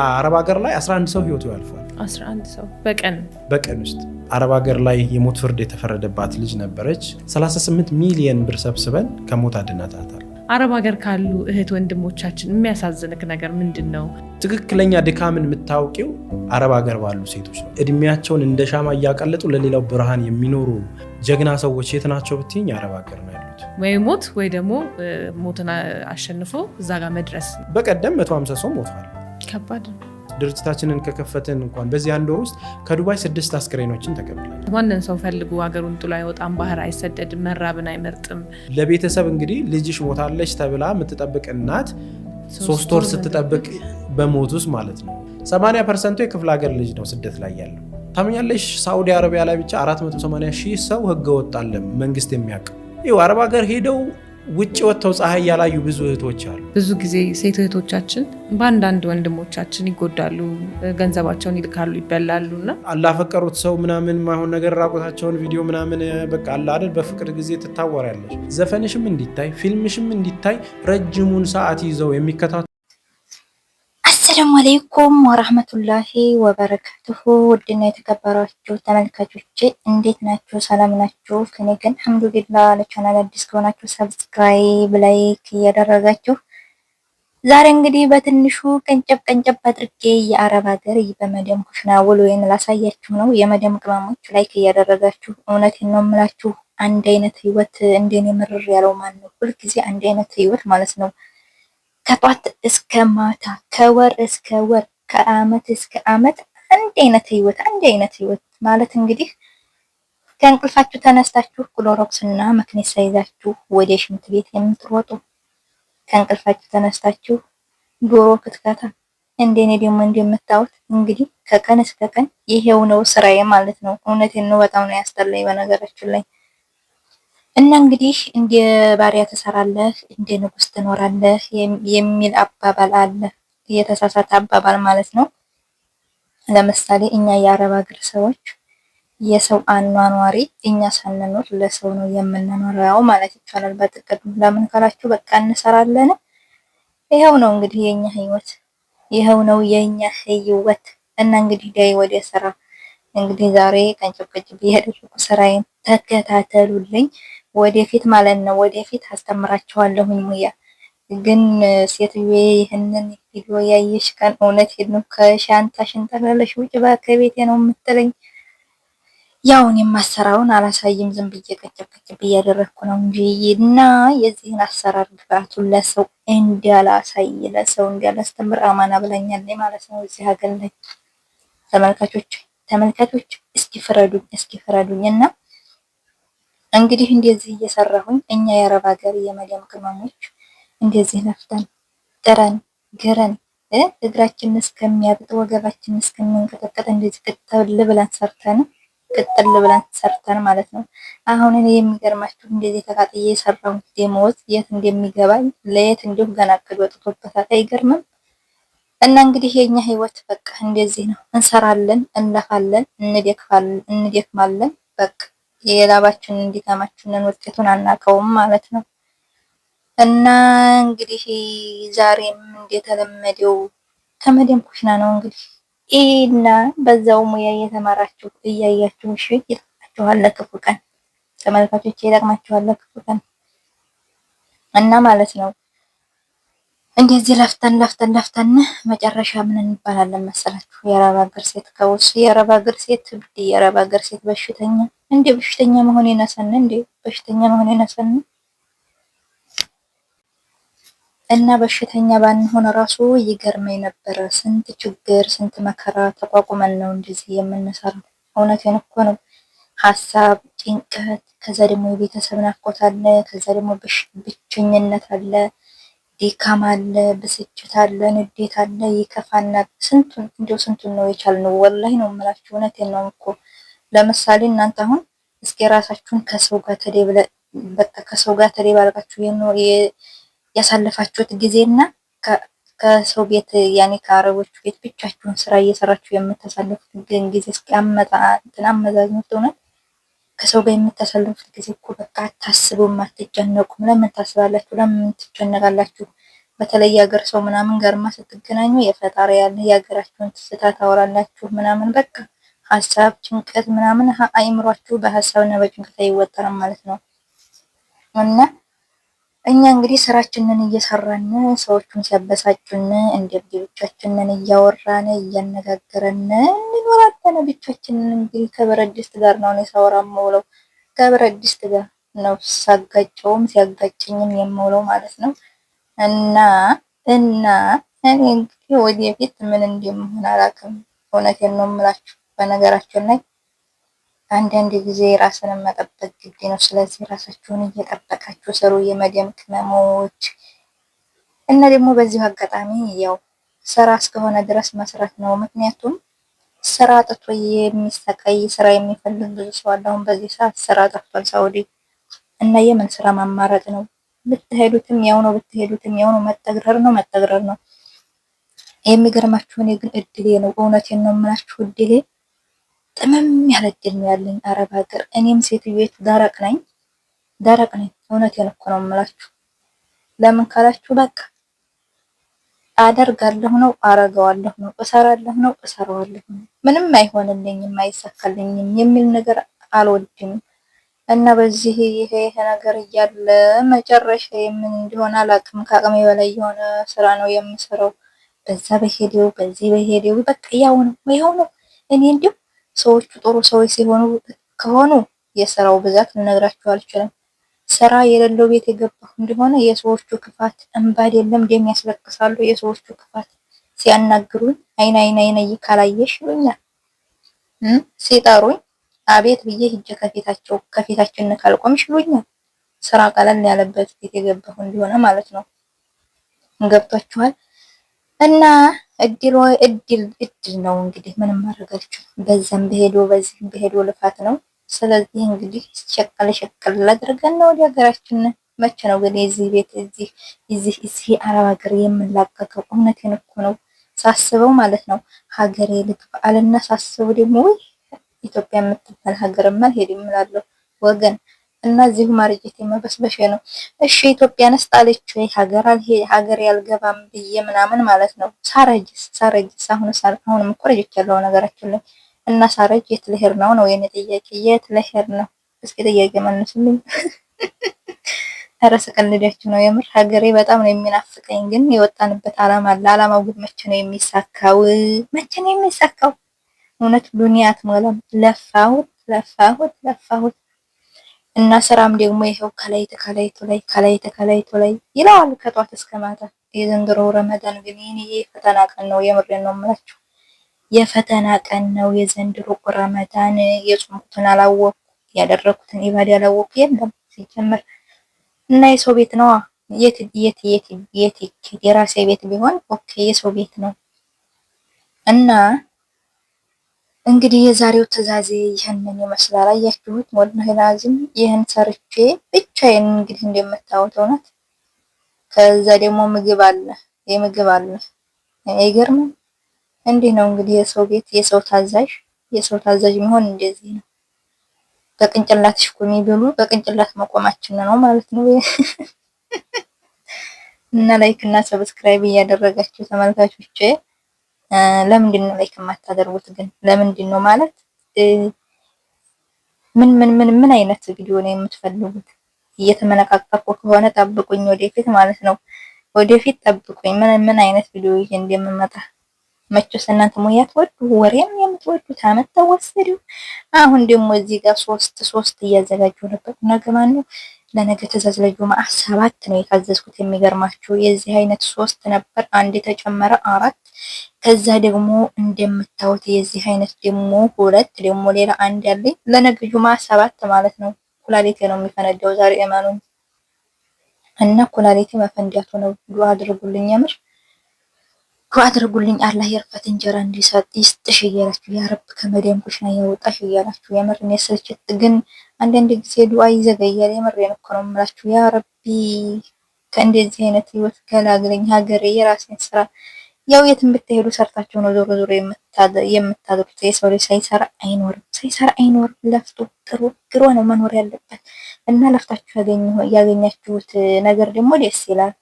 አረብ ሀገር ላይ 11 ሰው ህይወቱ ያልፏል። 11 ሰው በቀን በቀን ውስጥ አረብ ሀገር ላይ የሞት ፍርድ የተፈረደባት ልጅ ነበረች። 38 ሚሊየን ብር ሰብስበን ከሞት አድናታታል። አረብ ሀገር ካሉ እህት ወንድሞቻችን የሚያሳዝንክ ነገር ምንድን ነው? ትክክለኛ ድካምን የምታውቂው አረብ ሀገር ባሉ ሴቶች ነው። እድሜያቸውን እንደ ሻማ እያቀለጡ ለሌላው ብርሃን የሚኖሩ ጀግና ሰዎች የት ናቸው ብትኝ አረብ ሀገር ነው ያሉት። ወይ ሞት ወይ ደግሞ ሞትን አሸንፎ እዛ ጋር መድረስ። በቀደም 150 ሰው ሞቷል። ከባድ ነው። ድርጅታችንን ከከፈትን እንኳን በዚህ አንድ ወር ውስጥ ከዱባይ ስድስት አስክሬኖችን ተቀብለናል። ማንን ሰው ፈልጉ ሀገሩን ጥሎ አይወጣም፣ ባህር አይሰደድም፣ መራብን አይመርጥም። ለቤተሰብ እንግዲህ ልጅሽ ሞታለች ተብላ የምትጠብቅ እናት ሶስት ወር ስትጠብቅ በሞት ውስጥ ማለት ነው። 80 ፐርሰንቱ የክፍለ ሀገር ልጅ ነው ስደት ላይ ያለው። ታምኛለሽ? ሳዑዲ አረቢያ ላይ ብቻ 480 ሺህ ሰው ህገወጥ አለ መንግስት የሚያውቅ ይኸው አረብ ሀገር ሄደው ውጭ ወጥተው ፀሐይ ያላዩ ብዙ እህቶች አሉ። ብዙ ጊዜ ሴት እህቶቻችን በአንዳንድ ወንድሞቻችን ይጎዳሉ፣ ገንዘባቸውን ይልካሉ፣ ይበላሉ እና አላፈቀሩት ሰው ምናምን ማይሆን ነገር ራቆታቸውን ቪዲዮ ምናምን በቃ አላደል በፍቅር ጊዜ ትታወሪያለሽ። ዘፈንሽም እንዲታይ ፊልምሽም እንዲታይ ረጅሙን ሰዓት ይዘው የሚከታተሉ አሰላሙ አሌይኩም ወረህመቱላሂ ወበረካቱሁ ውድና የተከበራችሁ ተመልካቾቼ እንዴት ናችሁ? ሰላም ናችሁ? ከኔ ግን አልሐምዱሊላህ። ለቻናል አዲስ ከሆናችሁ ሰብስክራይብ፣ ላይክ እያደረጋችሁ ዛሬ እንግዲህ በትንሹ ቀንጨብ ቀንጨብ አድርጌ የአረብ ሀገር በመደም ኩሽና ውሎዬን ላሳያችሁ ነው። የመደም ቅመሞች ላይክ እያደረጋችሁ እውነቴን ነው የምላችሁ አንድ አይነት ህይወት እንደኔ ምርር ያለው ማን ነው? ሁልጊዜ አንድ አይነት ህይወት ማለት ነው ከጧት እስከ ማታ ከወር እስከ ወር ከአመት እስከ አመት አንድ አይነት ህይወት አንድ አይነት ህይወት ማለት እንግዲህ ከእንቅልፋችሁ ተነስታችሁ እና መክኔሳ ይዛችሁ ወደ ሽንት ቤት የምትሮጡ ከእንቅልፋችሁ ተነስታችሁ ዶሮ ክትከታ እንደኔ ደግሞ እንደምታዩት እንግዲህ ከቀን እስከ ቀን ይሄው ነው ስራዬ ማለት ነው። እውነቴን ነው፣ በጣም ነው ያስጠላኝ በነገራችን ላይ። እና እንግዲህ እንደ ባሪያ ትሰራለህ፣ እንደ ንጉስ ትኖራለህ የሚል አባባል አለ። የተሳሳተ አባባል ማለት ነው። ለምሳሌ እኛ የአረብ ሀገር ሰዎች የሰው አኗኗሪ እኛ ሳንኖር ለሰው ነው የምንኖረው ማለት ይቻላል። በጥቅል ለምን ካላችሁ በቃ እንሰራለን። ይኸው ነው እንግዲህ የኛ ህይወት፣ ይኸው ነው የኛ ህይወት። እና እንግዲህ ዳይ ወደ ስራ እንግዲህ ዛሬ ቀንጭብ ቀንጭብ እያደረኩ ስራዬን ተከታተሉልኝ። ወደፊት ማለት ነው። ወደፊት አስተምራቸዋለሁኝ ሙያ ግን ሴትዮ ይህንን ቪዲዮ ያየሽ ቀን እውነት ነው ከሻንታ ሽንታ ለለሽ ውጭ ከቤቴ ነው የምትለኝ። ያውን የማሰራውን አላሳይም ዝም ብዬ ቀጨቀጭ እያደረግኩ ነው እንጂ እና የዚህን አሰራር ግብአቱን ለሰው እንዲያላሳይ ለሰው እንዲያላስተምር አማና ብላኛለኝ ማለት ነው። እዚህ ሀገር ላይ ተመልካቾች ተመልካቾች እስኪ ፍረዱኝ፣ እስኪ ፍረዱኝ እና እንግዲህ እንደዚህ እየሰራሁኝ እኛ የአረብ ሀገር የመዳም ቅመሞች እንደዚህ ለፍተን ጥረን ግረን እግራችንን እስከሚያብጥ ወገባችንን እስከሚንቀጠቀጥ እንደዚህ ቅጥል ብለን ሰርተን ቅጥል ብለን ሰርተን ማለት ነው። አሁን እኔ የሚገርማችሁ እንደዚህ ተቃጥዬ የሰራሁት ደሞዝ የት እንደሚገባኝ ለየት እንዲሁ ገና እቅድ ወጥቶበታል። አይገርምም? እና እንግዲህ የኛ ህይወት በቃ እንደዚህ ነው። እንሰራለን፣ እንለፋለን፣ እንደክማለን። በቃ የላባችን እንዲተመችነን ውጤቱን አናውቀውም ማለት ነው። እና እንግዲህ ዛሬም እንደተለመደው ከመደም ኩሽና ነው እንግዲህ እና በዛው ሙያ እየተማራችሁ እያያችሁ እሺ፣ ይጠቅማችኋል ለክፉ ቀን ተመልካቾች፣ ይጠቅማችኋል ለክፉ ቀን እና ማለት ነው። እንደዚህ ለፍተን ለፍተን ለፍተን መጨረሻ ምን እንባላለን መሰላችሁ? የአረብ ሀገር ሴት ከውስ የአረብ ሀገር ሴት እብድ፣ የአረብ ሀገር ሴት በሽተኛ እንዴ በሽተኛ መሆን የነሰን እንዴ በሽተኛ መሆን የነሰን እና በሽተኛ ባንሆን ራሱ ይገርመኝ ነበረ። ስንት ችግር ስንት መከራ ተቋቁመን ነው እንደዚህ የምንሰራው። እውነቴን እኮ ነው። ሀሳብ፣ ጭንቀት፣ ከዛ ደግሞ የቤተሰብ ናፍቆት አለ፣ ከዛ ደግሞ ብቸኝነት አለ፣ ድካም አለ፣ ብስጭት አለ፣ ንዴት አለ፣ ይከፋናል። ስንቱን እንዲያው ስንቱን ነው የቻልነው። ወላሂ ነው የምላችሁ። እውነቴን ነው እኮ ለምሳሌ እናንተ አሁን እስኪ ራሳችሁን ከሰው ጋር ተደብለ በቃ ከሰው ጋር ተደባልቃችሁ ያሳለፋችሁት ጊዜና ከሰው ቤት ያኔ ከአረቦች ቤት ብቻችሁን ስራ እየሰራችሁ የምታሳልፉት ጊዜ እስኪ አመጣን አመዛዝኑት። እውነት ከሰው ጋር የምታሳልፉት ጊዜ እኮ በቃ አታስቡም፣ አትጨነቁም። ለምን ታስባላችሁ? ለምን ትጨነቃላችሁ? በተለይ የሀገር ሰው ምናምን ጋርማ ስትገናኙ የፈጣሪ ያለ የሀገራችሁን ስታ ታወራላችሁ ምናምን በቃ ሀሳብ ጭንቀት ምናምን አይምሯችሁ በሀሳብ በሀሳብና በጭንቀት አይወጠርም ማለት ነው። እና እኛ እንግዲህ ስራችንን እየሰራን ሰዎቹን ሲያበሳጩን እንደብድ ብቻችንን እያወራን እያነጋገረን እንኖራለን። ብቻችንን እንግዲህ ከብረት ድስት ጋር ነው ሳወራ የምውለው ከብረት ድስት ጋር ነው ሳጋጨውም ሲያጋጭኝም የምውለው ማለት ነው እና እና እኔ እንግዲህ ወደፊት ምን እንደምሆን አላውቅም። እውነቴን ነው የምላችሁ። በነገራችን ላይ አንዳንድ ጊዜ ራስን መጠበቅ ግድ ነው። ስለዚህ ራሳችሁን እየጠበቃችሁ ስሩ። የመዲያም ቅመሞች እና ደግሞ በዚሁ አጋጣሚ ያው ስራ እስከሆነ ድረስ መስራት ነው። ምክንያቱም ስራ ጥቶ የሚሰቃይ ስራ የሚፈልግ ብዙ ሰው አለ። አሁን በዚህ ሰዓት ስራ ጠፍቷል ሳውዲ እና የምን ስራ ማማረጥ ነው? ብትሄዱትም ያው ነው፣ ብትሄዱትም ያው ነው። መጠግረር ነው፣ መጠግረር ነው። የሚገርማችሁን ግን እድሌ ነው። እውነቴን ነው የምላችሁ እድሌ ጥምም ያለ እድል ነው ያለኝ አረብ ሀገር። እኔም ሴትዮዋ ደረቅ ነኝ ደረቅ ነኝ። እውነቴን እኮ ነው የምላችሁ። ለምን ካላችሁ በቃ አደርጋለሁ ነው አረገዋለሁ ነው እሰራለሁ ነው እሰራዋለሁ ነው ምንም አይሆንልኝም አይሳካልኝም የሚል ነገር አልወድም እና በዚህ ይሄ ይሄ ነገር እያለ መጨረሻ የምን እንዲሆን አላቅም። ከአቅሜ በላይ የሆነ ስራ ነው የምሰራው። በዛ በሄደው በዚህ በሄደው በቃ ያው ነው ይኸው ነው እኔ እንዲሁ ሰዎቹ ጥሩ ሰዎች ሲሆኑ ከሆኑ የስራው ብዛት ልነግራችሁ አልችልም። ስራ የሌለው ቤት የገባሁ እንደሆነ የሰዎቹ ክፋት እንባ የለም ደም ያስለቅሳሉ። የሰዎቹ ክፋት ሲያናግሩኝ አይን አይን አይን ካላየሽ ይሉኛል። ሲጠሩኝ አቤት ብዬ ሂጄ ከፊታቸው ከፊታችን ካልቆምሽ ይሉኛል። ስራ ቀለል ያለበት ቤት የገባሁ እንደሆነ ማለት ነው። ገብቷችኋል እና እድል እድል እድል ነው እንግዲህ ምንም ማድረግ በዛም በሄዶ በዚህም በሄዶ ልፋት ነው። ስለዚህ እንግዲህ ሸቀል ሸቀል ላድርገን ነው ወደ ሀገራችን። መቼ ነው ግን የዚህ ቤት እዚህ እዚህ እዚህ አረብ ሀገር የምንላቀቀው? እውነቴን እኮ ነው ሳስበው ማለት ነው ሀገሬ ልትበዓልና ሳስበው ደግሞ ወይ ኢትዮጵያ የምትባል ሀገርማ ሄድ እላለሁ ወገን እና እዚሁ ማርጀት የመበስበሽ ነው። እሺ ኢትዮጵያን ስጣለች ወይ ሀገር ሀገር ያልገባም ብዬ ምናምን ማለት ነው። ሳረጅስ ሳረጅስ አሁን ሳር አሁን ምቆረጅት ያለው ነገራችን ላይ እና ሳረጅ የት ልሄድ ነው ነው የኔ ጥያቄ። የት ልሄድ ነው? እስኪ ጥያቄ መልሱልኝ። ተረሰ ቀልዳችሁ ነው የምር። ሀገሬ በጣም ነው የሚናፍቀኝ፣ ግን የወጣንበት አላማ አለ። አላማው ግን መቼ ነው የሚሳካው? መቼ ነው የሚሳካው? እውነት ዱንያ አትሞላም። ለፋሁት ለፋሁት ለፋሁት እና ስራም ደግሞ ይሄው ከላይ ተከላይ ላይ ከላይ ተከላይ ላይ ይለዋል ከጧት እስከ ማታ። የዘንድሮ ረመዳን ግን የፈተና ቀን ነው። የምሬን ነው የምላችሁ፣ የፈተና ቀን ነው የዘንድሮ ረመዳን። የጾምኩትን አላወቅኩ ያደረኩትን ኢባድ ያላወቅኩ የለም ሲጀምር እና የሰው ቤት ነዋ። የት የት የት የት የራሴ ቤት ቢሆን ኦኬ፣ የሰው ቤት ነው እና እንግዲህ የዛሬው ትዕዛዜ ይህንን ይመስላል። አያችሁት? ወላሂ ላዚም ይህን ሰርቼ ብቻዬን እንግዲህ እንደምታዩት እውነት። ከዛ ደግሞ ምግብ አለ፣ የምግብ አለ። አይገርምም? እንዲህ ነው እንግዲህ የሰው ቤት የሰው ታዛዥ የሰው ታዛዥ መሆን እንደዚህ ነው። በቅንጭላትሽ ቁሚ ብሉ፣ በቅንጭላት መቆማችን ነው ማለት ነው። እና ላይክ እና ሰብስክራይብ እያደረጋችሁ ተመልካቾቼ ለምንድን ነው ላይክ የማታደርጉት ግን? ለምንድን ነው ማለት ምን ምን ምን ምን አይነት ቪዲዮ ነው የምትፈልጉት? እየተመነቃቀቁ ከሆነ ጠብቁኝ፣ ወደፊት ማለት ነው። ወደፊት ጠብቁኝ፣ ምን ምን አይነት ቪዲዮ ይዤ እንደምመጣ መቼስ እናንተ ሙያ ትወዱ ወሬም የምትወዱት አመት ተወሰዱ። አሁን ደግሞ እዚህ ጋር ሶስት ሶስት እያዘጋጁ ነበር ነገ ማነው ለነገ ትዕዛዝ ልዩ መዓት ሰባት ነው የታዘዝኩት። የሚገርማችሁ የዚህ አይነት ሶስት ነበር፣ አንድ የተጨመረ አራት። ከዛ ደግሞ እንደምታዩት የዚህ አይነት ደግሞ ሁለት፣ ደግሞ ሌላ አንድ ያለኝ ለነገ ጁማ ሰባት ማለት ነው። ኩላሊቴ ነው የሚፈነዳው ዛሬ እመኑ እና ኩላሊቴ መፈንዳቱ ነው። ዱአ አድርጉልኝ፣ የምር ዱአ አድርጉልኝ። አላህ የርፈት እንጀራ እንዲሰጥ ይስጥሽ እያላችሁ ያ ረብ ከመደምኩሽ ነው ያወጣሽ እያላችሁ የምር እኔ ስልችት ግን አንዳንድ ጊዜ ዱዓ ይዘገያል። የምሬን እኮ ነው የምላችሁ። ያ ረቢ ከእንደዚህ አይነት ህይወት ገላግለኝ፣ ሀገሬ፣ የራሴን ስራ። ያው የትም ብትሄዱ ሰርታችሁ ነው ዞሮ ዞሮ የምታድሩት። የሰው ልጅ ሳይሰራ አይኖርም፣ ሳይሰራ አይኖርም። ለፍቶ ጥሩ ግሮ ነው መኖር ያለበት እና ለፍታችሁ ያገኛችሁት ነገር ደግሞ ደስ ይላል።